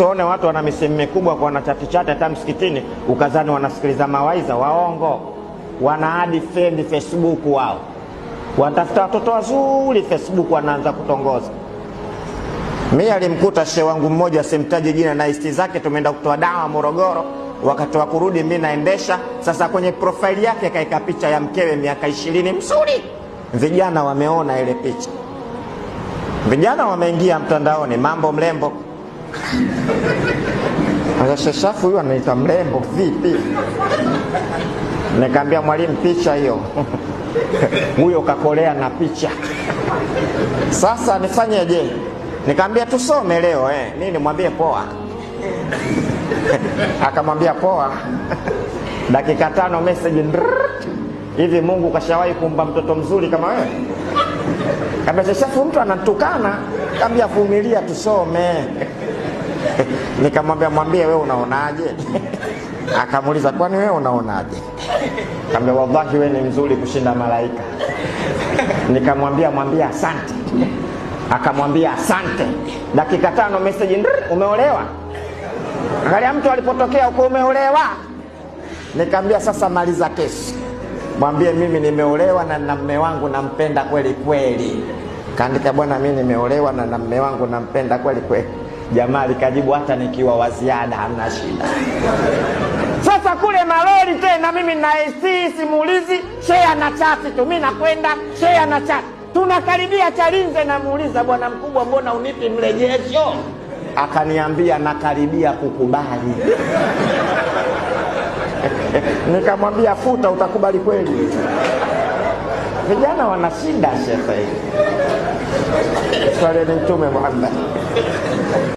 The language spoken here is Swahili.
Tuone watu wana misimu mikubwa kwa wanachatechache, hata msikitini ukazani wanasikiliza mawaidha. Waongo, wana hadi friend Facebook wao, watafuta watoto wazuri Facebook, wanaanza kutongoza. mimi alimkuta shehe wangu mmoja, simtaji jina, na isti zake, tumeenda kutoa dawa Morogoro. Wakati wa kurudi, mimi naendesha sasa, kwenye profaili yake kaika picha ya mkewe miaka ishirini, mzuri. Vijana wameona ile picha, vijana wameingia mtandaoni, mambo mlembo sasa shashafu huyu anaita mrembo vipi? Nikaambia mwalimu, picha hiyo huyo kakolea na picha, sasa nifanyeje? Nikaambia tusome leo eh. Mimi nimwambie poa akamwambia poa. Dakika tano message hivi, Mungu kashawahi kumba mtoto mzuri kama wewe? Kaambia Shashafu, mtu anatukana. Kaambia vumilia, tusome Nikamwambia, mwambie wewe unaonaje? Akamuuliza, kwani wewe unaonaje? Kaambia, wallahi wewe ni mzuri kushinda malaika. Nikamwambia, mwambie asante. Akamwambia asante. Dakika tano message, umeolewa? Angalia mtu alipotokea huko, umeolewa? Nikaambia, sasa maliza kesi, mwambie mimi nimeolewa na na mme wangu nampenda kweli kweli. Kaandika, bwana, mimi nimeolewa na na mme wangu nampenda kweli kweli. Jamaa likajibu hata nikiwa wa ziada hamna shida. Sasa kule malori tena, mimi na AC simulizi, shea na chasi tu, mi nakwenda shea na chati Tunakaribia Chalinze, namuuliza bwana mkubwa, mbona unipi mrejesho? Akaniambia nakaribia kukubali. Nikamwambia futa, utakubali kweli? Vijana wana shida shehe. Swaleni Mtume Muhammad.